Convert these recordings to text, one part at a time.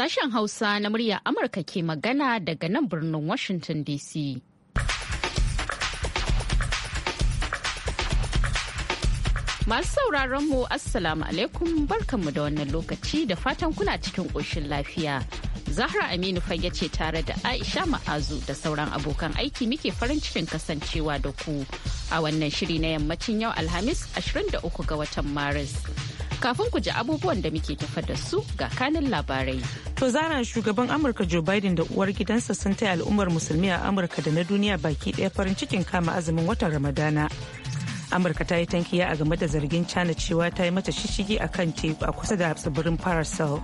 Sashen Hausa na murya Amurka ke magana daga nan birnin Washington DC. Masu sauraron mu Assalamu alaikum barkanmu da wannan lokaci da fatan kuna cikin ƙoshin lafiya. Zahra Aminu fage ce tare da Aisha Ma'azu da sauran abokan aiki muke farin cikin kasancewa da ku a wannan shiri na yammacin yau Alhamis 23 ga watan Maris. Kafin ku ji abubuwan da muke tafa da su ga kanin labarai. To zara shugaban Amurka Joe Biden da uwar gidansa sun taya al'ummar musulmi a Amurka da na duniya baki ɗaya farin cikin kama azumin watan Ramadana. Amurka ta yi tankiya a game da zargin China cewa ta yi mata shishigi a kan teku a kusa da tsibirin Paracel.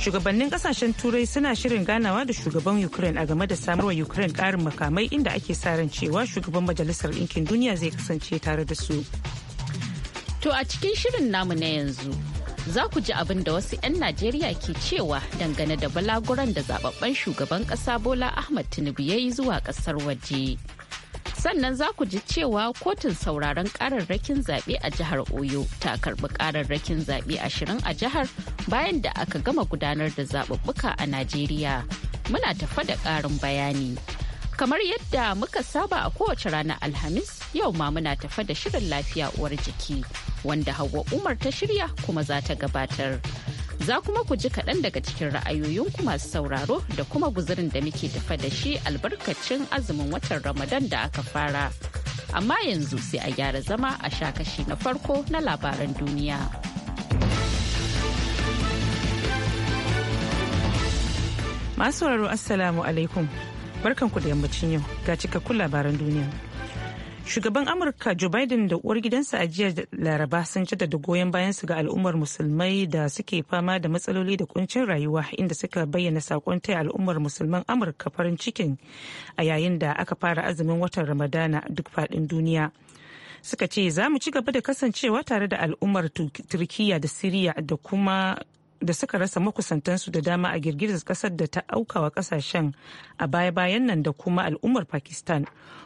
Shugabannin kasashen Turai suna shirin ganawa da shugaban Ukraine a game da samarwa Ukraine karin makamai inda ake sa ran cewa shugaban Majalisar Ɗinkin Duniya zai kasance tare da su. To a cikin shirin namu na yanzu za ku ji abin da wasu 'yan Najeriya ke cewa dangane da balaguran da zababben shugaban ƙasa Bola Ahmad Tinubu ya yi zuwa ƙasar waje. Sannan za ku ji cewa kotun sauraron ƙararrakin zaɓe a jihar Oyo ta karɓi ƙararrakin zaɓe ashirin a jihar bayan da aka gama gudanar da zaɓuɓɓuka a Najeriya. Muna tafa da ƙarin bayani. Kamar yadda muka saba a kowace ranar Alhamis, yau ma muna tafa da shirin lafiya uwar jiki, wanda Hauwa Umar ta shirya kuma za ta gabatar. Za kuma ku ji kaɗan daga cikin ra'ayoyinku masu sauraro da kuma guzurin da muke tafa da shi albarkacin azumin watan Ramadan da aka fara. Amma yanzu sai a gyara zama a sha kashi na farko na labaran duniya. Masu assalamu alaikum. barkanku da yammacin yau ga cikakkun labaran duniya shugaban amurka joe biden da uwar gidansa a jiya laraba sun jaddada goyon bayan su ga al'ummar musulmai da suke fama da matsaloli da kuncin rayuwa inda suka bayyana sakon taya al'ummar musulman amurka farin cikin a yayin da aka fara azumin watan ramadana duk faɗin duniya suka ce za mu ci gaba da kasancewa tare da al'ummar turkiya da siriya da kuma da suka rasa makusantansu da dama a girgizar kasar da ta aukawa kasashen a baya-bayan nan da kuma al'ummar pakistan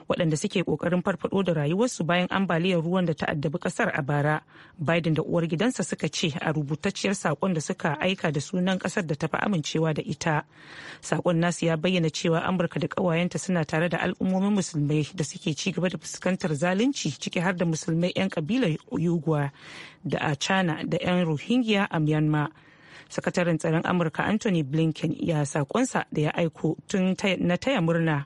waɗanda suke ƙoƙarin farfaɗo da rayuwarsu bayan ambaliyar ruwan da ta addabi kasar a bara biden da uwar gidansa suka ce a rubutacciyar saƙon da suka aika da sunan ƙasar da ta fi amincewa da ita saƙon nasu ya bayyana cewa amurka da ƙawayenta suna tare da al'ummomin musulmai da suke ci gaba da fuskantar zalunci ciki har da musulmai 'yan kabilar yugwa da a china da 'yan rohingya a myanmar sakataren tsaron amurka anthony blinken ya sakonsa da ya aiko tun na taya murna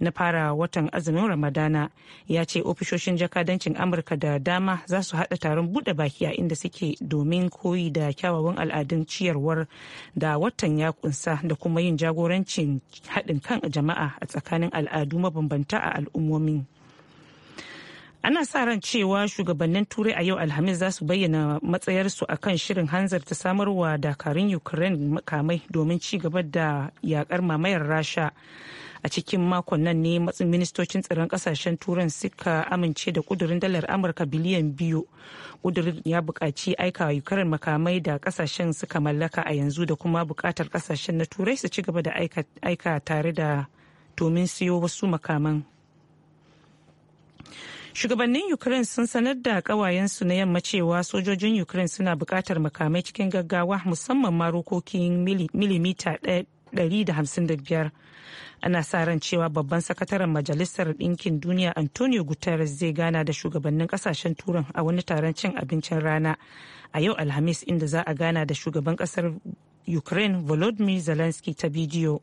na fara watan azumin ramadana ya ce ofishoshin jakadancin amurka da dama za su hada taron bude baki a inda suke domin koyi da kyawawan al'adun ciyarwar da watan ya kunsa da kuma yin jagorancin haɗin kan jama'a a tsakanin al'adu mabambanta a al'ummomin. ana sa ran cewa shugabannin turai a yau alhamis za su bayyana matsayarsu a kan shirin hanzar ta samarwa dakarun ukraine makamai domin ci gaba da yakar mamayar rasha a cikin makon nan ne matsin ministocin tsaron kasashen turan suka amince da kudurin dalar amurka biliyan biyu kudurin ya buƙaci aika ukraine makamai da kasashen suka mallaka a yanzu da kuma buƙatar kasashen na turai su ci gaba da aika tare da domin siyo wasu makaman shugabannin ukraine sun sanar da kawayensu na yamma cewa sojojin ukraine suna buƙatar makamai cikin gaggawa musamman ma milimita 155 ana sa ran cewa babban sakataren majalisar ɗinkin duniya antonio guterres zai gana da shugabannin kasashen turan a wani taron cin abincin rana a yau alhamis inda za a gana da shugaban kasar ukraine volodymyr zelensky ta bidiyo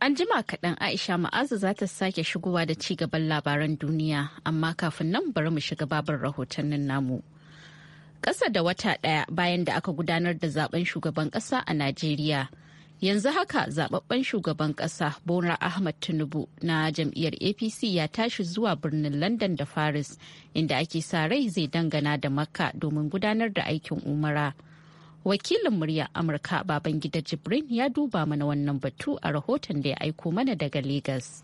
An jima kaɗan Aisha Ma'aza za ta sake shigowa da ci gaban labaran duniya, amma kafin nan bari mu shiga rahoton rahotannin namu. Ƙasa da wata ɗaya bayan da aka gudanar da zaben shugaban ƙasa a Najeriya. Yanzu haka zaɓaɓɓen shugaban ƙasa Bora Ahmad Tinubu na jam'iyyar APC ya tashi zuwa birnin London da Paris inda ake sa rai zai dangana da Makka domin gudanar da aikin umara. wakilin murya amurka babangida jibrin ya duba mana wannan batu a rahoton da ya aiko mana daga Legas.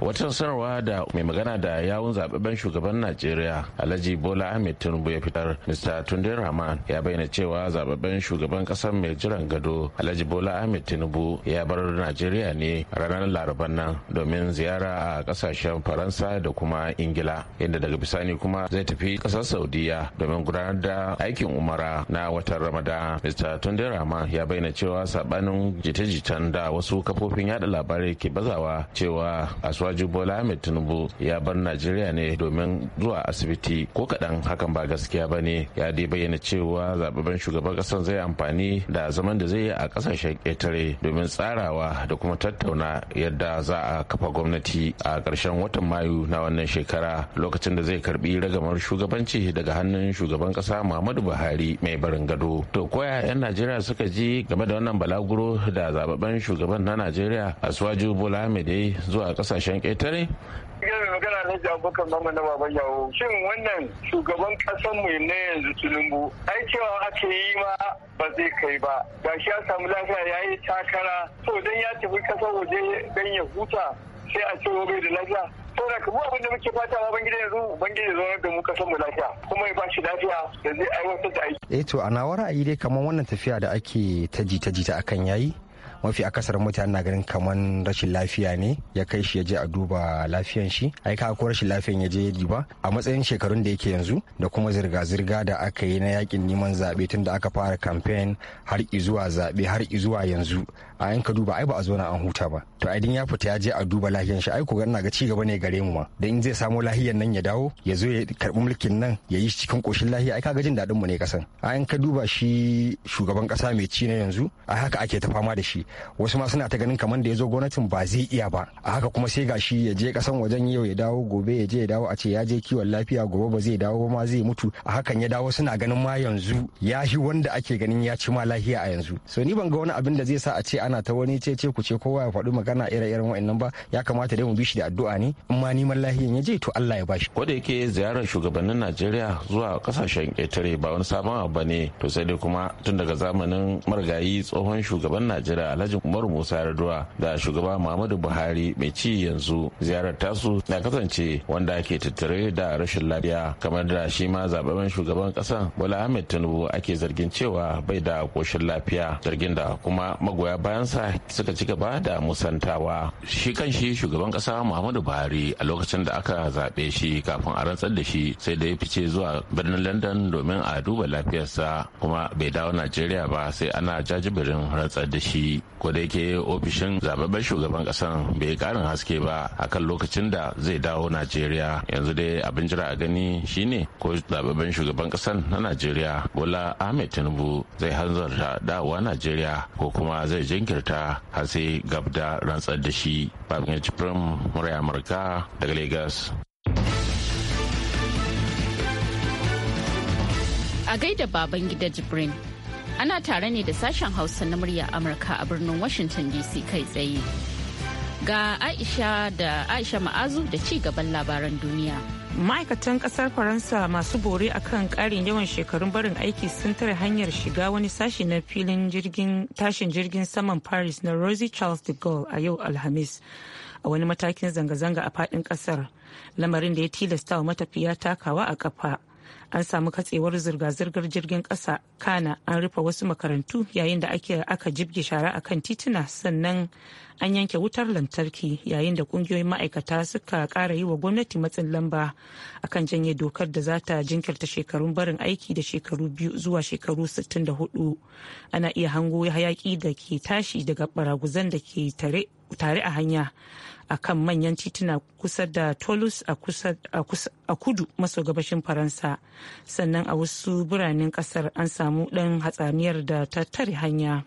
wata sanarwa da mai magana da yawun zababben shugaban najeriya alhaji bola ahmed tinubu ya fitar mr tunde rahman ya bayyana cewa zababben shugaban kasar mai jiran gado alhaji bola ahmed tinubu ya bar najeriya ne ranar laraban nan domin ziyara a kasashen faransa da kuma ingila inda daga bisani kuma zai tafi kasar saudiya domin gudanar da aikin umara na watan ramadan mr tunde rahman ya bayyana cewa sabanin jita-jitan da wasu kafofin yada labarai ke bazawa cewa a asuwaji bola ahmed tinubu ya bar najeriya ne domin zuwa asibiti ko kaɗan hakan ba gaskiya ba ne ya dai bayyana cewa zababben shugaban ƙasar zai amfani da zaman da zai yi a ƙasashen ƙetare domin tsarawa da kuma tattauna yadda za a kafa gwamnati a ƙarshen watan mayu na wannan shekara lokacin da zai karbi ragamar shugabanci daga hannun shugaban ƙasa muhammadu buhari mai barin gado to koya 'yan najeriya suka ji game da wannan balaguro da zababben shugaban na najeriya asuwaju bola ahmed zuwa ƙasashen kasashen ƙetare magana na jabukan mama na baban yawo shin wannan shugaban kasan mu na yanzu tulumbu ai cewa ake yi ma ba zai kai ba gashi ya samu lafiya ya yi takara to dan ya tafi kasar waje dan ya huta sai a ce bai da lafiya saboda ka mu abin da muke fata ba bangida yanzu bangida zo da mu kasan mu lafiya kuma ya ba shi lafiya da zai aiwatar da aiki eh to a nawa ayi dai kamar wannan tafiya da ake ta jita-jita akan yayi mafi akasarin mutane na ganin kamar rashin lafiya ne ya kai shi ya je a duba lafiyan shi ai ka ko rashin lafiyan ya je ya duba a matsayin shekarun da yake yanzu da kuma zirga-zirga da aka yi na yakin neman zaɓe tun da aka fara kamfen har zuwa zaɓe har zuwa yanzu a yanka duba ai ba a zo na an huta ba to ai din ya fita ya je a duba lahiyan shi ai ko ina ga ci gaba ne gare mu ma da in zai samu lahiyan nan ya dawo ya zo ya karbi mulkin nan ya yi cikin koshin lahiya ai kaga jin dadin mu ne kasan a ka duba shi shugaban kasa mai ci na yanzu a haka ake ta fama da shi wasu ma suna ta ganin kamar da ya zo gwamnatin ba zai iya ba a haka kuma sai gashi ya je kasan wajen yau ya dawo gobe ya je ya dawo a ce ya je kiwon lafiya gobe ba zai dawo ba ma zai mutu a hakan ya dawo suna ganin ma yanzu ya shi wanda ake ganin ya ci ma lahiya a yanzu so ni ban ga wani abin da zai sa a ce ana ta wani ce ku ce kowa ya faɗi magana ire-iren wa'annan ba ya kamata dai mu bi shi da addu'a ne in ma neman lahiyan ya je to Allah ya bashi ko da yake ziyarar shugabannin Najeriya zuwa kasashen ƙetare ba wani sabon abu ne to sai dai kuma tun daga zamanin marigayi tsohon shugaban Najeriya Alhaji Umaru Musa Yar'adua da shugaba Muhammadu Buhari mai ci yanzu ziyarar tasu na kasance wanda ake tattare da rashin lafiya kamar da shi ma zababben shugaban ƙasa Bola Ahmed Tinubu ake zargin cewa bai da koshin lafiya zargin da kuma magoya bayan faransa suka ci gaba da musantawa shi kan shi shugaban kasa muhammadu buhari a lokacin da aka zaɓe shi kafin a rantsar da shi sai da ya fice zuwa birnin london domin a duba lafiyarsa kuma bai dawo najeriya ba sai ana jajibirin rantsar da shi ko da yake ofishin zababben shugaban kasan bai karin haske ba akan lokacin da zai dawo najeriya yanzu dai abin jira a gani shine ko zababben shugaban kasan na najeriya bola ahmed tinubu zai hanzarta dawowa najeriya ko kuma zai jin jinkirta har sai gabda rantsar da shi babin ya murai amurka daga lagos a gaida baban gida jibrin ana tare ne da sashen hausa na murya amurka a birnin washington dc kai tsaye ga aisha da aisha ma'azu da ci gaban labaran duniya ma'aikatan kasar faransa masu bore kan karin yawan shekarun barin aiki sun tare hanyar shiga wani sashi na filin tashin jirgin saman paris na rosie charles de gaulle a yau alhamis a wani matakin zanga-zanga a fadin kasar lamarin da ya tilasta wa matafiya takawa a kafa an samu katsewar zirga-zirgar jirgin ƙasa kana an rufe wasu makarantu yayin da aka jibge shara a kan tituna sannan an yanke wutar lantarki yayin da kungiyoyin ma'aikata suka ƙara yi wa gwamnati matsin lamba akan janye dokar da za ta jinkirta shekarun barin aiki da shekaru biyu zuwa shekaru 64 ana iya hango hayaki da ke tashi daga baraguzan da ke tare a hanya a kan manyan tituna kusa da tolus a kudu maso gabashin faransa sannan a wasu biranen kasar an samu dan hatsaniyar da ta tare hanya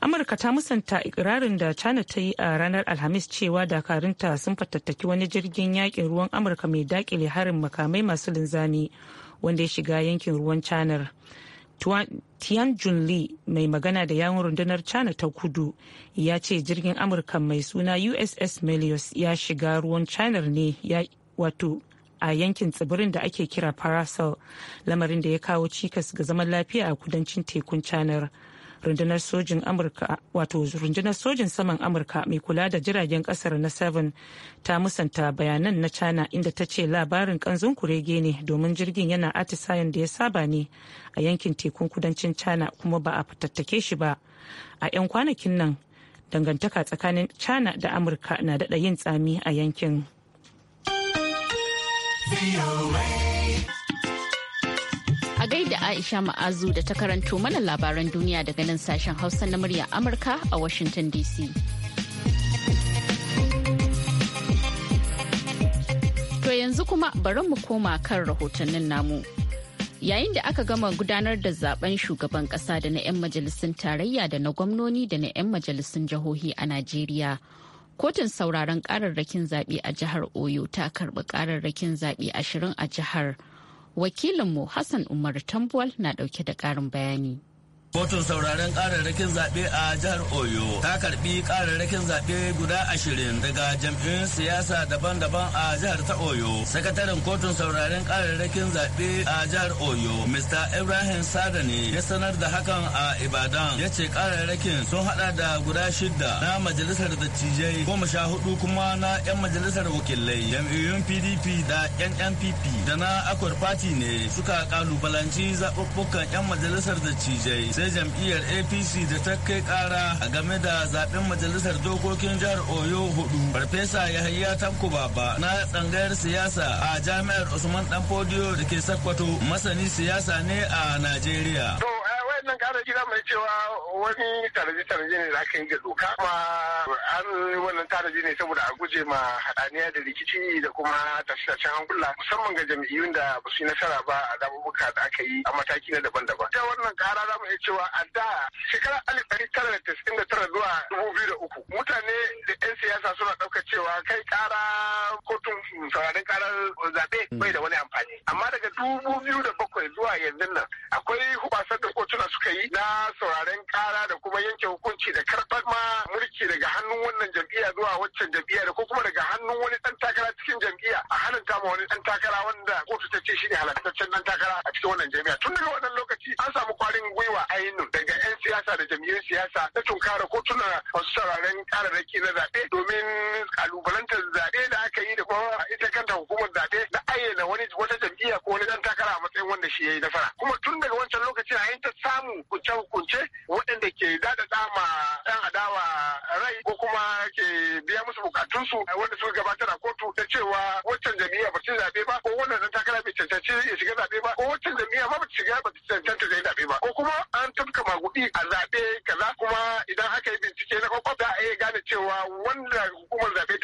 amurka ta musanta ikirarin da china ta yi a ranar alhamis cewa dakarunta sun fatattaki wani jirgin yakin ruwan amurka mai dakile harin makamai masu linzami wanda ya shiga yankin ruwan chanar. Tianjun Li mai magana da yawon rundunar China ta kudu ya ce jirgin Amurka mai suna USS Melius ya shiga ruwan China ne ya wato a yankin tsibirin da ake kira Parasol lamarin da ya kawo cikas ga zaman lafiya a kudancin tekun China. rundunar sojin amurka wato rundunar sojin saman amurka mai kula da jiragen kasar na 7 ta musanta bayanan na china inda ta ce labarin kanzon kurege ne domin jirgin yana atisayen da ya saba ne a yankin tekun kudancin china kuma ba a fatattake shi ba a 'yan kwanakin nan dangantaka tsakanin china da amurka na daɗa yin tsami a yankin. Aisha Ma'azu da ta karanto mana labaran duniya daga nan sashen Hausa na murya Amurka a Washington DC. To yanzu kuma bari mu koma kan rahotannin namu. yayin da aka gama gudanar da zaben shugaban kasa da na 'yan majalisun tarayya da na gwamnoni da na 'yan majalisun jihohi a najeriya kotun sauraron kararrakin zaɓe a jihar oyo ta karɓi kararrakin zaɓe ashirin a jihar wakilinmu hassan umar tambuwal na dauke da karin bayani Kotun sauraron kararrakin zaɓe a jihar Oyo ta karɓi kararrakin zaɓe guda ashirin daga jam'iyyun siyasa daban-daban a jihar ta Oyo. Sakataren kotun sauraron kararrakin zaɓe a jihar Oyo, Mr. Ibrahim Sada ne ya sanar da hakan a Ibadan. Ya ce kararrakin sun haɗa da guda shidda na majalisar dattijai goma sha hudu kuma na 'yan majalisar wakilai. Jam'iyyun PDP da 'yan NPP da na Akwar Party ne suka kalubalanci zaɓuɓɓukan 'yan majalisar dattijai. na jam'iyyar apc da ta kai kara game da zaben majalisar dokokin jihar oyo hudu farfesa ya yahaya tanko baba na tsangayar siyasa a jami'ar usman danfodiyo da ke sakkwato masani siyasa ne a najeriya wannan ƙara gida mai cewa wani taraji taraji ne da aka yi ga doka kuma an yi wannan taraji ne saboda a guje ma hadaniya da rikici da kuma tashe-tashen hankula musamman ga jam'iyyun da ba su yi nasara ba a zaɓuɓɓuka da aka yi a mataki na daban-daban. Ta wannan kara za mu iya cewa a da shekarar alif ɗari tara da tasirin da tara zuwa dubu biyu da uku mutane da 'yan siyasa suna ɗaukar cewa kai ƙara kotun sauraron ƙarar zaɓe bai da wani amfani. Amma daga dubu biyu da bakwai zuwa yanzu nan akwai hubasar da kotuna suka yi na sauraren kara da kuma yanke hukunci da karɓar ma mulki daga hannun wannan jam'iyya zuwa waccan jam'iyya da ko kuma daga hannun wani ɗan takara cikin jam'iyya a hannunta ma wani ɗan takara wanda kotu ta ce shi ne halartaccen ɗan takara a cikin wannan jam'iyya tun daga wannan lokaci an samu kwarin gwiwa a ainun daga 'yan siyasa da jam'iyyun siyasa na tunkara kotuna masu sauraren kararraki na zaɓe domin kalubalantar zaɓe da da shi ya yi nasara kuma tun daga wancan lokacin a ta samu kunce hukunce waɗanda ke dada dama ɗan adawa rai ko kuma ke biya musu bukatunsu wanda suka gabatar a kotu da cewa wancan jami'a ba ta zaɓe ba ko wannan ɗan takara bai cancanci ya shiga zaɓe ba ko wancan jami'a ma ba su shiga ba ta cancanta zai zaɓe ba ko kuma an tafka maguɗi a zaɓe kaza kuma idan aka yi bincike na kwakwab za a iya gane cewa wanda hukumar zaɓe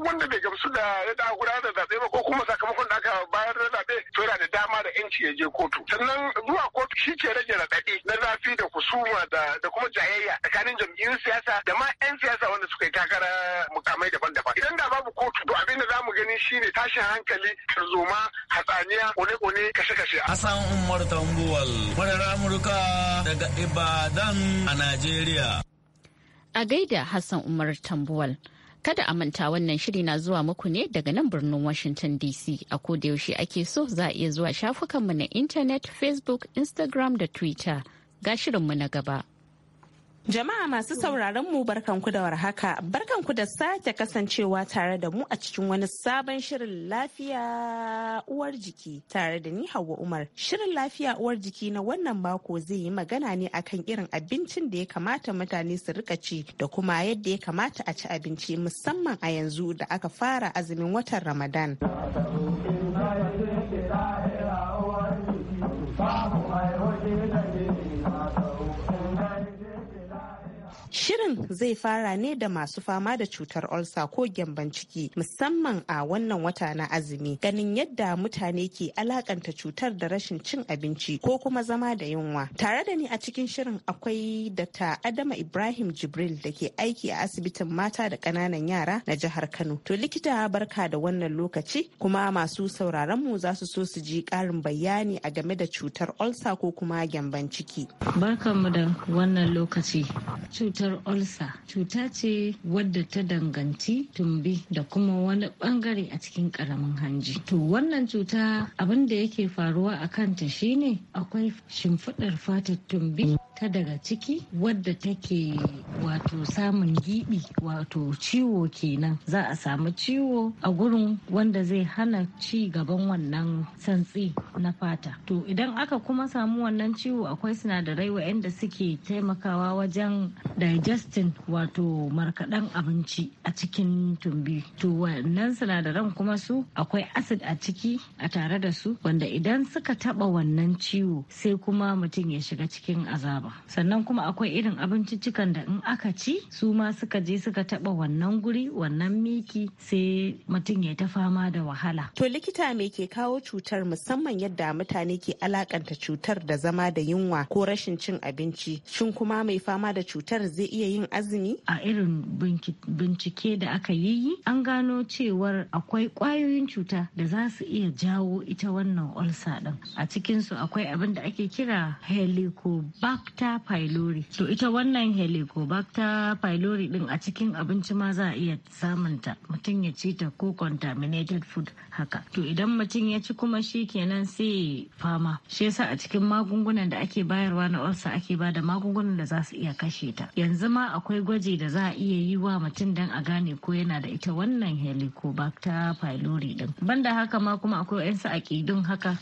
wanda bai gamsu da ya gudanar da zaɓe ba ko kuma sakamakon da aka bayar da zaɓe to yana da dama da yanci ya je kotu sannan zuwa kotu shi ke rage raɗaɗi na zafi da kusuma da kuma jayayya tsakanin jam'iyyun siyasa da ma 'yan siyasa wanda suka yi takara mukamai daban-daban idan da babu kotu to abin da za mu gani shine tashin hankali tarzoma hatsaniya kone-kone kashe-kashe Hassan Umar Tambuwal murar Amurka daga Ibadan a Najeriya a gaida Hassan Umar Tambuwal Kada a manta wannan shiri na zuwa muku ne daga nan birnin Washington DC. A koda yaushe ake so za a iya zuwa shafukanmu na intanet, Facebook, Instagram da Twitter. Ga shirinmu na gaba. Jama'a masu sauraron mu barkanku da warhaka, barkanku da sake kasancewa tare da mu a cikin wani sabon shirin lafiya uwar jiki tare da ni Hauwa Umar. Shirin lafiya uwar jiki na wannan mako zai yi magana ne akan irin abincin da ya kamata mutane su rika ci da kuma yadda ya kamata a ci abinci musamman a yanzu da aka fara azumin watan Ramadan. Shirin zai fara ne da masu fama da cutar olsa ko gyamban ciki musamman a wannan wata na azumi ganin yadda mutane ke alakanta cutar da rashin cin abinci ko kuma zama da yunwa. Tare da ni a cikin shirin akwai ta Adama Ibrahim Jibril da ke aiki a asibitin mata da ƙananan yara na jihar Kano. To likita barka da wannan lokaci kuma masu sauraron mu za su so su ji ƙarin bayani a game da cutar olsa ko kuma gyamban ciki. Barkanmu da wannan lokaci. cutar olsa cuta ce wadda ta danganci tumbi da kuma wani bangare a cikin karamin hanji to wannan cuta abin da yake faruwa a kanta shine akwai shimfiɗar fatar tumbi ta daga ciki wadda take wato samun gibi wato ciwo kenan za a samu ciwo a gurin wanda zai hana ci gaban wannan santsi na fata to idan aka kuma samu wannan ciwo akwai sinadarai waɗanda suke taimakawa wajen digesting wato markaɗan abinci a cikin tumbi to wannan sinadaran kuma su akwai acid a ciki a tare da su wanda idan suka taɓa wannan ciwo sai kuma mutum ya shiga cikin azaba yawa sannan kuma akwai irin abinciccikan da in aka ci su ma suka je suka taba wannan guri wannan miki sai mutum ya ta fama da wahala to likita me ke kawo cutar musamman yadda mutane ke alakanta cutar da zama da yunwa ko rashin cin abinci shin kuma mai fama da cutar zai iya yin azumi a irin bincike da aka yi an gano cewar akwai kwayoyin cuta da za su iya jawo ita wannan ulcer din a cikin su akwai abin da ake kira helicobacter helicobacter pylori to ita wannan helicobacter pylori din a cikin abinci ma za a iya samun ta mutum ya ci ta ko contaminated food haka to idan mutum ya ci kuma shi kenan sai fama shi yasa a cikin magungunan da ake bayarwa na olsa ake ba da magungunan da za su iya kashe ta yanzu ma akwai gwaji da za a iya yi wa mutum dan a gane ko yana da ita wannan helicobacter pylori din banda haka ma kuma akwai 'yan akidun aƙidun haka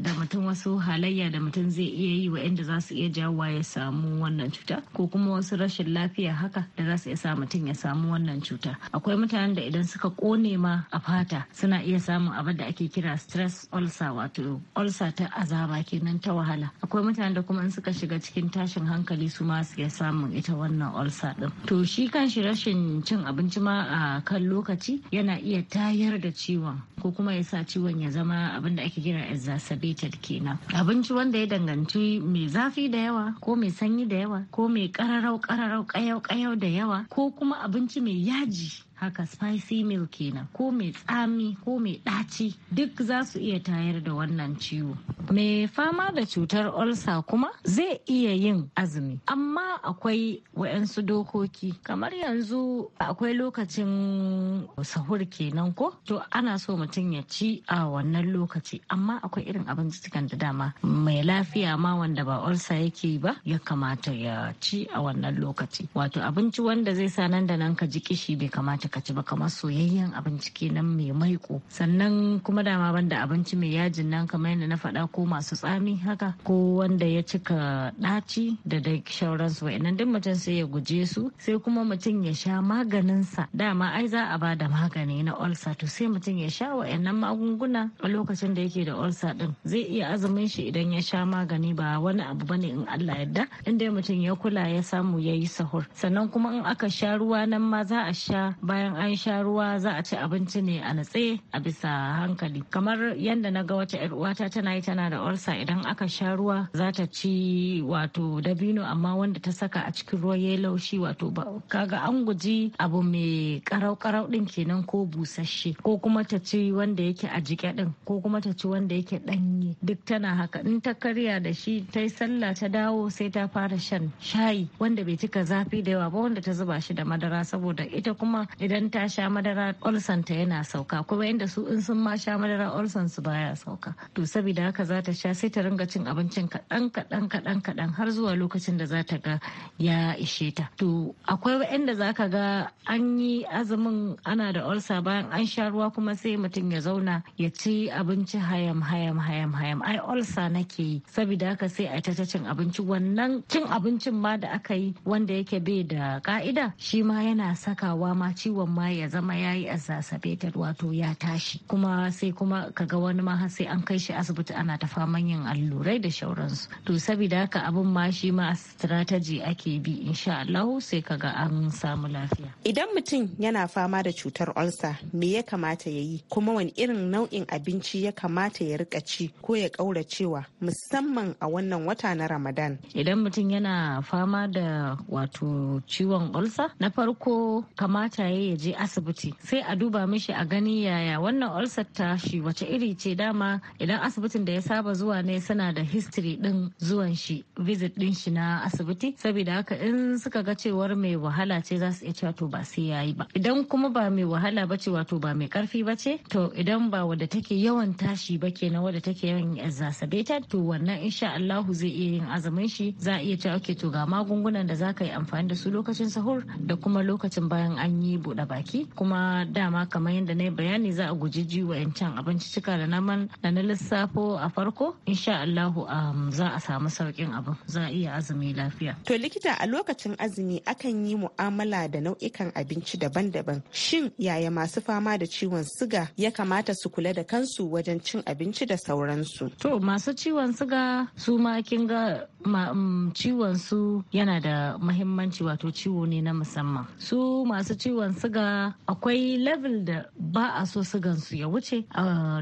da mutum wasu halayya da mutum zai iya yi wa 'yan da za su iya jawo ya samu wannan cuta ko kuma wasu rashin lafiya haka da za su iya sa mutum ya samu wannan cuta akwai mutanen da idan suka kone ma a fata suna iya samun abin da ake kira stress ulcer wato ulcer ta azaba kenan ta wahala akwai mutanen da kuma in suka shiga cikin tashin hankali su ma su iya samun ita wannan ulcer din to shi kanshi rashin cin abinci ma a kan lokaci yana iya tayar da ciwon ko kuma ya sa ciwon ya zama abin da ake kira exacerbated kenan abinci wanda ya danganci mai zafi da yawa ko mai sanyi da yawa ko mai kararau kararau kayau kayau da yawa ko kuma abinci mai yaji haka spicy milk kenan ko mai tsami ko mai ɗaci duk za su iya tayar da wannan ciwo mai fama da cutar olsa kuma zai iya yin azumi amma akwai waɗansu dokoki kamar yanzu akwai lokacin sahur kenan ko to ana so mutum ya ci a wannan lokaci amma akwai irin abinci abincicikan da dama mai lafiya ma wanda ba olsa yake ba ya kamata ya ci a wannan lokaci wato abinci wanda zai sa nan da nan ka ji kishi bai kamata kamata ka ci ba kamar soyayyen abinci kenan mai maiko sannan kuma dama banda abinci mai yajin nan kamar yadda na faɗa ko masu tsami haka ko wanda ya cika ɗaci da da shauransu inan duk mutum sai ya guje su sai kuma mutum ya sha maganin sa dama ai za a ba da magani na olsa to sai mutum ya sha wa inan magunguna a lokacin da yake da olsa din zai iya azumin shi idan ya sha magani ba wani abu bane in Allah yadda inda mutum ya kula ya samu ya yi sahur sannan kuma in aka sha ruwa nan ma za a sha ba bayan an sha ruwa za a ci abinci ne a natse a bisa hankali kamar yadda na ga wata yar uwata tana yi tana da olsa idan aka sha ruwa za ta ci wato dabino amma wanda ta saka a cikin ruwa ya laushi wato kaga an guji abu mai karau karau din kenan ko busasshe ko kuma ta ci wanda yake a jike din ko kuma ta ci wanda yake danye duk tana haka in ta karya da shi ta yi sallah ta dawo sai ta fara shan shayi wanda bai cika zafi da yawa ba wanda ta zuba shi da madara saboda ita kuma idan ta sha madara olsan ta yana sauka kuma yadda su in sun ma sha madara olson su baya sauka to saboda haka za ta sha sai ta ringa cin abincin kaɗan kaɗan kaɗan kaɗan har zuwa lokacin da za ta ga ya ishe ta to akwai wa'anda za ka ga an yi azumin ana da olsa bayan an sha ruwa kuma sai mutum ya zauna ya ci abinci hayam hayam hayam hayam ai olsa nake yi saboda haka sai a ta cin abinci wannan cin abincin ma da aka yi wanda yake bai da ka'ida shi ma yana sakawa ma ciwon ciwon ma ya zama ya yi exacerbated wato ya tashi kuma sai kuma kaga wani ma sai an kai shi asibiti ana ta faman yin allurai da shauransu to saboda haka abin ma shi ma strategy ake bi insha Allah sai kaga an samu lafiya idan mutum yana fama da cutar ulcer me ya kamata ya yi kuma wani irin nau'in abinci ya kamata ya rika ci ko ya kauracewa musamman a wannan wata na Ramadan idan mutum yana fama da wato ciwon ulcer na farko kamata ya ya je asibiti sai a duba mishi a gani yaya wannan ulcer ta shi wace iri ce dama idan asibitin da ya saba zuwa ne suna da history din zuwan shi visit din shi na asibiti saboda haka in suka ga cewar mai wahala ce za su iya cewa to ba sai yayi ba idan kuma ba mai wahala ba ce wato ba mai karfi ba ce to idan ba wadda take yawan tashi ba kenan wadda take yawan exacerbated to wannan insha Allahu zai iya yin azumin shi za a iya cewa okay to ga magungunan da za ka yi amfani da su lokacin sahur da kuma lokacin bayan an yi buɗe buɗe baki kuma dama kamar yadda na yi bayani za a guji ji wa'yancan abinci cika da naman da na lissafo a farko insha Allah um, za a samu sauƙin abin za a iya azumi lafiya. To likita a lokacin azumi akan yi mu'amala da nau'ikan abinci daban-daban shin yaya masu fama da ciwon siga ya kamata su kula da kansu wajen cin abinci da sauransu. To masu ciwon siga su ma kin ga Mm, ciwon su yana da mahimmanci wato ciwo ne na musamman su masu ciwon suga akwai level da ba a so sugan su ya wuce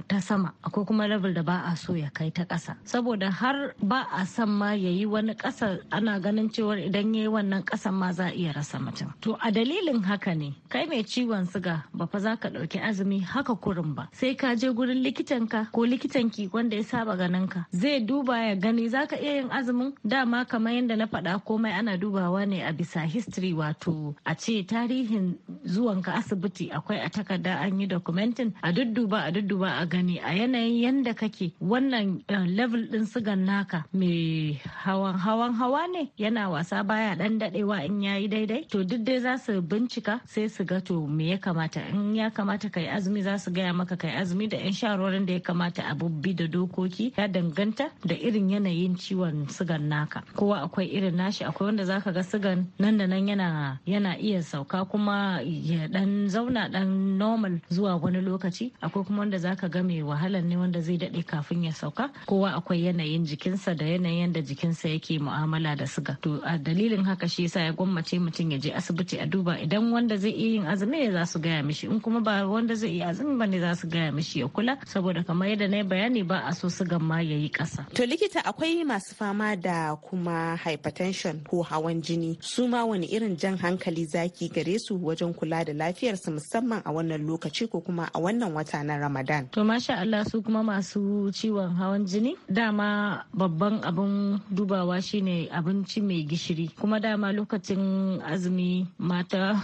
ta sama akwai kuma level da ba a so ya kai ta ƙasa saboda har ba a san ma ya yi wani kasa ana ganin cewa idan ya yi wannan kasa ma za a iya rasa mutum to a dalilin haka ne kai mai ciwon suga ba fa za ka ɗauki azumi haka kurin ba sai ka je gurin likitanka ko likitanki wanda ya saba ganin ka zai duba ya gani za ka iya yin azumin dama kamar yadda na faɗa komai ana dubawa ne a bisa history wato a ce tarihin zuwan ka asibiti akwai a takarda an yi documentin a dudduba a dudduba a gani a yanayin yadda kake wannan eh, level din sigan naka mai hawan hawan hawa ne yana wasa baya dan dadewa in yayi daidai to duk dai za su bincika sai su ga to me ya kamata in ya kamata kai azumi za su gaya maka kai azumi da yan shawarwarin da ya kamata a bubbi da dokoki ya danganta da irin yanayin ciwon siga sigan naka kowa akwai irin nashi akwai wanda zaka ga sigan nan da nan yana yana iya sauka kuma ya dan zauna dan normal zuwa wani lokaci akwai kuma wanda zaka ga mai wahalan ne wanda zai dade kafin ya sauka kowa akwai yanayin jikinsa da yanayin yanda jikinsa yake mu'amala da siga to a dalilin haka shi yasa ya gwammace mutum ya je asibiti a duba idan wanda zai iya yin azumi ne za su gaya mishi in kuma ba wanda zai iya azumi ba ne za su gaya mishi ya kula saboda kamar yadda na bayani ba a so sigan ma ya yi ƙasa. to likita akwai masu fama da da kuma hypertension ko hawan jini su ma wani irin jan hankali zaki gare su wajen kula da lafiyarsu musamman a wannan lokaci ko kuma a wannan wata na Ramadan. To masha Allah su kuma masu ciwon hawan jini dama babban abin dubawa shine abinci mai gishiri kuma dama lokacin azumi mata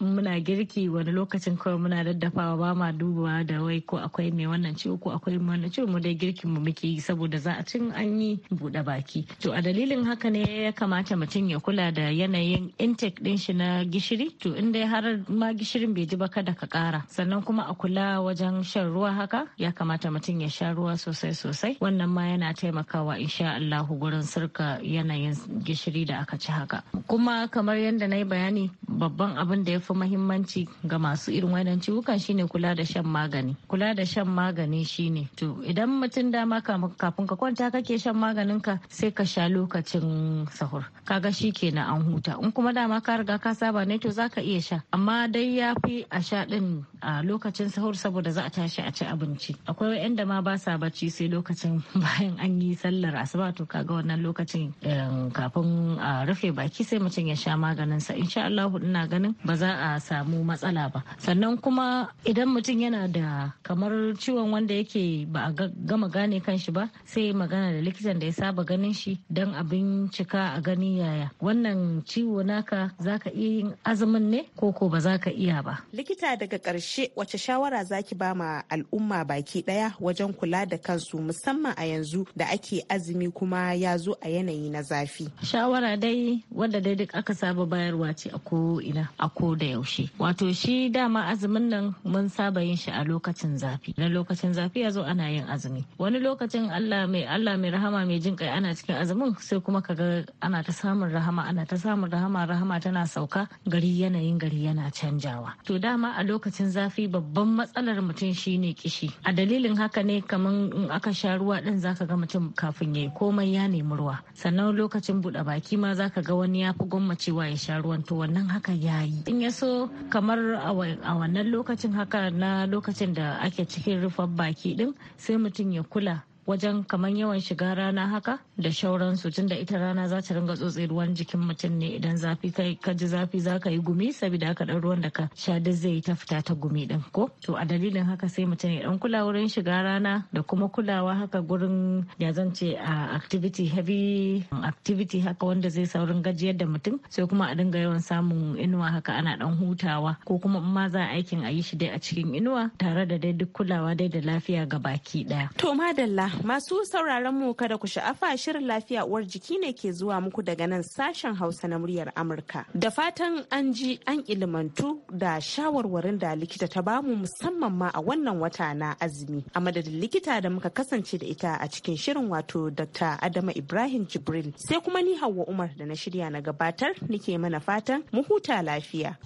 muna girki wani lokacin kawai muna daddafawa ba ma dubawa da wai ko akwai mai wannan ciwo ko akwai mai wannan ciwo mu dai girkin mu muke saboda za a cin an yi buɗe baki To a dalilin haka ne ya kamata mutum ya kula da yanayin intake din shi na gishiri. To in dai har ma gishirin bai ji ba kada ka kara. Sannan kuma a kula wajen shan ruwa haka ya kamata mutum ya sha ruwa sosai sosai. Wannan ma yana taimakawa insha Allahu gurin sirka yanayin gishiri da aka ci haka. Kuma kamar yadda na yi bayani babban abin da ya fi muhimmanci ga masu irin wannan ciwukan shine kula da shan magani. Kula da shan magani shine to idan mutum dama kafin ka kwanta kake shan maganin ka sai ka sha lokacin sahur kaga shi kenan an huta in kuma dama ka riga ka saba ne to zaka iya sha amma dai ya fi a sha din a lokacin sahur saboda za a tashi a ci abinci akwai da ma ba sa bacci sai lokacin bayan an yi sallar asuba to kaga wannan lokacin eh, kafin a rufe baki sai mutum ya sha maganin sa insha Allah ina ganin ba za a samu matsala ba sannan kuma idan mutum yana da kamar ciwon wanda yake ba a gama gane kanshi ba sai magana da likitan da ya saba ganin shi shi don a bincika a gani yaya wannan ciwo naka zaka iya yin azumin ne ko ko ba za ka iya ba. Likita daga karshe wace shawara zaki ba ma al'umma baki ɗaya wajen kula da kansu musamman a yanzu da ake azumi kuma ya zo a yanayi na zafi. Shawara dai wanda dai duk aka saba bayarwa ce a ko ina a ko da yaushe. Wato shi dama azumin nan mun saba yin shi a lokacin zafi. Na lokacin zafi ya zo ana yin azumi. Wani lokacin Allah mai Allah mai rahama mai jin kai ana cikin azumin sai kuma ka ga ana ta samun rahama ana ta samun rahama rahama tana sauka gari yanayin gari yana canjawa to dama a lokacin zafi babban matsalar mutum shine kishi a dalilin haka ne kaman in aka sha ruwa din zaka ga mutum kafin yayi komai ya nemi ruwa sannan lokacin buɗe baki ma zaka ga wani ya fi gwammacewa ya sha ruwan to wannan haka yayi in ya so kamar a wannan lokacin haka na lokacin da ake cikin rufar baki din sai mutum ya kula wajen kamar yawan shiga rana haka da shauransu tunda ita rana za ta ringa tsotse ruwan jikin mutum ne idan zafi kai ka ji zafi za ka yi gumi saboda haka dan ruwan da ka sha duk zai yi ta fita ta gumi din ko to a dalilin haka sai mutum ya dan kula wurin shiga rana da kuma kulawa haka gurin ya zance a activity heavy activity haka wanda zai saurin gajiyar da mutum sai kuma a dinga yawan samun inuwa haka ana dan hutawa ko kuma in ma za aikin a yi shi dai a cikin inuwa tare da dai duk kulawa dai da lafiya ga baki daya to madalla Masu sauraron mu kada ku sha'afa shirin lafiya uwar jiki ne ke zuwa muku daga nan sashen Hausa na muryar Amurka. Da fatan an ji an ilimantu da shawarwarin da likita ta bamu musamman ma a wannan wata na azumi. A madadin likita da muka kasance da ita a cikin shirin wato Dr. Adama Ibrahim Jibril. Sai kuma ni Hauwa Umar da na shirya na gabatar nike mana fatan mu huta lafiya.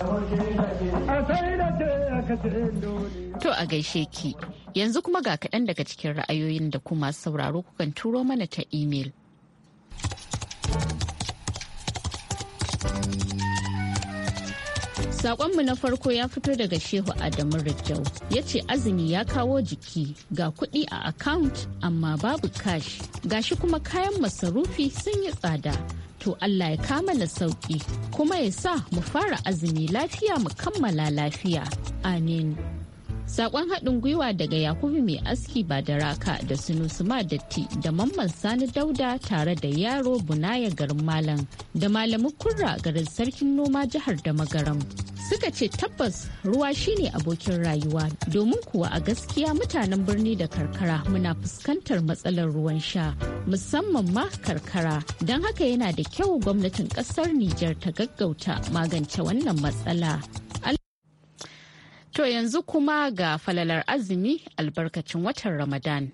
To a gaishe ki. Yanzu kuma ga kaɗan daga cikin ra'ayoyin da kuma masu sauraro kukan turo mana ta imel. saƙonmu na farko ya fito daga Shehu Adamu Rijau ya ce azumi ya kawo jiki ga kuɗi a account amma babu cash gashi kuma kayan masarufi sun yi tsada. To Allah ya kama na sauki kuma ya sa mu fara azumi lafiya mu kammala lafiya. Amin. Sakon haɗin gwiwa daga Yakubu mai aski ba da raka da Sunusu datti da Mamman Sani Dauda tare da Yaro Bunaya garin Malam da Malamin Kurra garin Sarkin Noma jihar da Magaram. Suka ce tabbas ruwa shine abokin rayuwa domin kuwa a gaskiya mutanen birni da karkara muna fuskantar matsalar ruwan sha musamman ma karkara don haka yana da kyau gwamnatin kasar Nijar ta gaggauta magance wannan matsala. To yanzu kuma ga falalar azumi albarkacin watan Ramadan.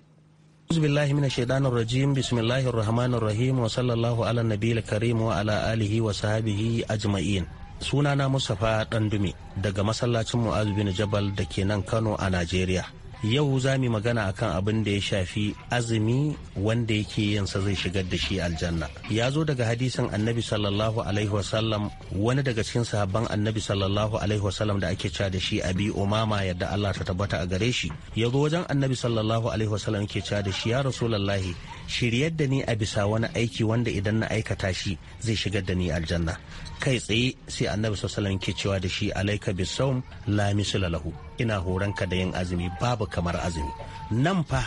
أعوذ بالله من الشيطان الرجيم بسم الله الرحمن الرحيم وصلى الله على النبي الكريم وعلى آله وصحبه أجمعين sunana Mustapha Dandumi daga masallacin Mu'az bin Jabal da ke nan Kano a Najeriya. yau za mu magana akan abin da ya shafi azumi wanda yake yansa zai shigar da shi aljanna ya zo daga hadisin annabi sallallahu alaihi wasallam wani daga cikin sahabban annabi sallallahu alaihi wasallam da ake cewa da shi abi umama yadda Allah ta tabbata a gare shi ya zo wajen annabi sallallahu alaihi wasallam yake cewa da shi ya rasulullahi shiryar da ni a bisa wani aiki wanda idan na aikata shi zai shigar da ni aljanna kai tsaye sai annabi sallallahu alaihi wasallam yake cewa da shi alaika bisawm la misla lahu ina horon ka da yin azumi babu kamar azumi nan fa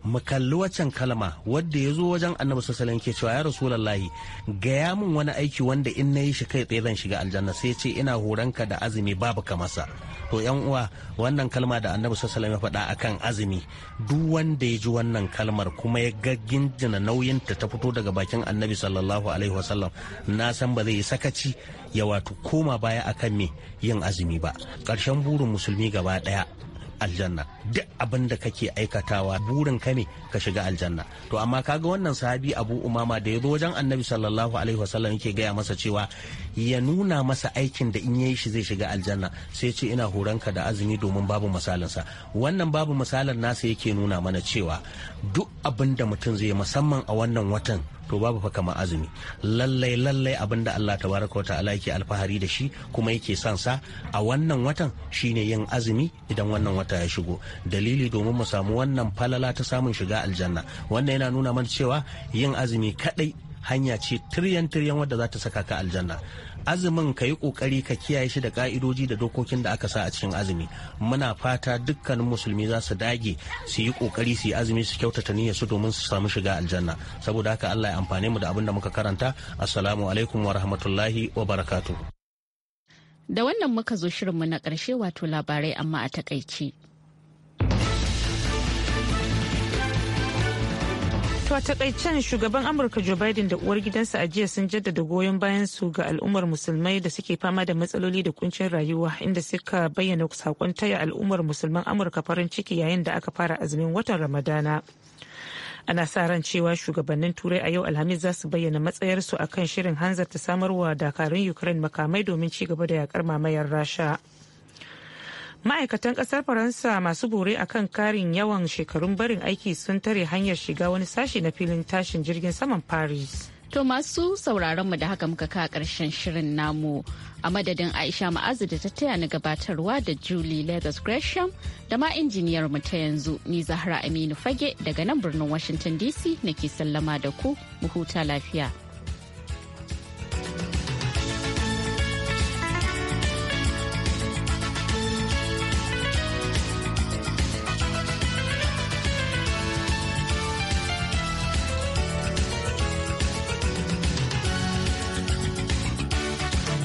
mu kalli waccan kalma wadda ya zo wajen annabi sassalin ke cewa ya rasulallahi gaya min wani aiki wanda in na yi shi kai tsaye zan shiga aljanna sai ce ina horanka da azumi babu kamasa to yan uwa wannan kalma da annabi sassalin ya faɗa akan azumi duk wanda ya ji wannan kalmar kuma ya ga ginjina nauyin ta ta fito daga bakin annabi sallallahu alaihi wasallam na san ba zai yi sakaci ya wato koma baya akan me yin azumi ba karshen burin musulmi gaba ɗaya aljanna duk abin da kake aikatawa burin ka ne ka shiga aljanna to amma kaga wannan sahabi abu umama da ya zo wajen annabi sallallahu alaihi wasallam yake gaya masa cewa ya nuna masa aikin da in yayi shi zai shiga aljanna sai ce ina horanka da azumi domin babu misalinsa wannan babu misalin nasa yake nuna mana cewa duk abin da mutum zai musamman a wannan watan to babu fa kamar azumi lallai lallai abin da Allah tabaraka wa ta'ala yake alfahari da shi kuma yake son sa a wannan watan shine yin azumi idan wannan wata ya shigo dalili domin mu samu wannan falala ta samun shiga aljanna wannan yana nuna mana cewa yin azumi kadai hanya ce tiryan tiryan wadda za ta saka ka aljanna azumin ka yi kokari ka kiyaye shi da ka'idoji da dokokin da aka sa a cikin azumi muna fata dukkanin musulmi za su dage su yi kokari su yi azumi su kyautata niyyar su domin su samu shiga aljanna saboda haka Allah ya amfane mu da abin da muka karanta assalamu alaikum wa rahmatullahi wa barakatuh da wannan muka zo shirinmu na ƙarshe wato labarai amma a takaici. To a takaicen shugaban Amurka Joe Biden da uwar gidansa a jiya sun jaddada goyon bayan su ga al'ummar musulmai da suke fama da matsaloli da kuncin rayuwa inda suka bayyana sakon taya al'ummar musulman Amurka farin ciki yayin da aka fara azumin watan Ramadana. Ana sa ran cewa shugabannin Turai a yau Alhamis za su bayyana matsayarsu akan shirin hanzarta samarwa dakarun Ukraine makamai domin ci gaba da yakar mamayar Rasha. ma'aikatan kasar faransa masu bore kan karin yawan shekarun barin aiki sun tare hanyar shiga wani sashi na filin tashin jirgin saman paris To masu sauraron mu da haka muka ka karshen shirin namu a madadin Aisha Ma'azu da ta taya na gabatarwa da Julie lagos Gresham da ma injiniyar mu ta yanzu ni Zahra Aminu Fage daga nan birnin Washington DC nake sallama da ku mu huta lafiya.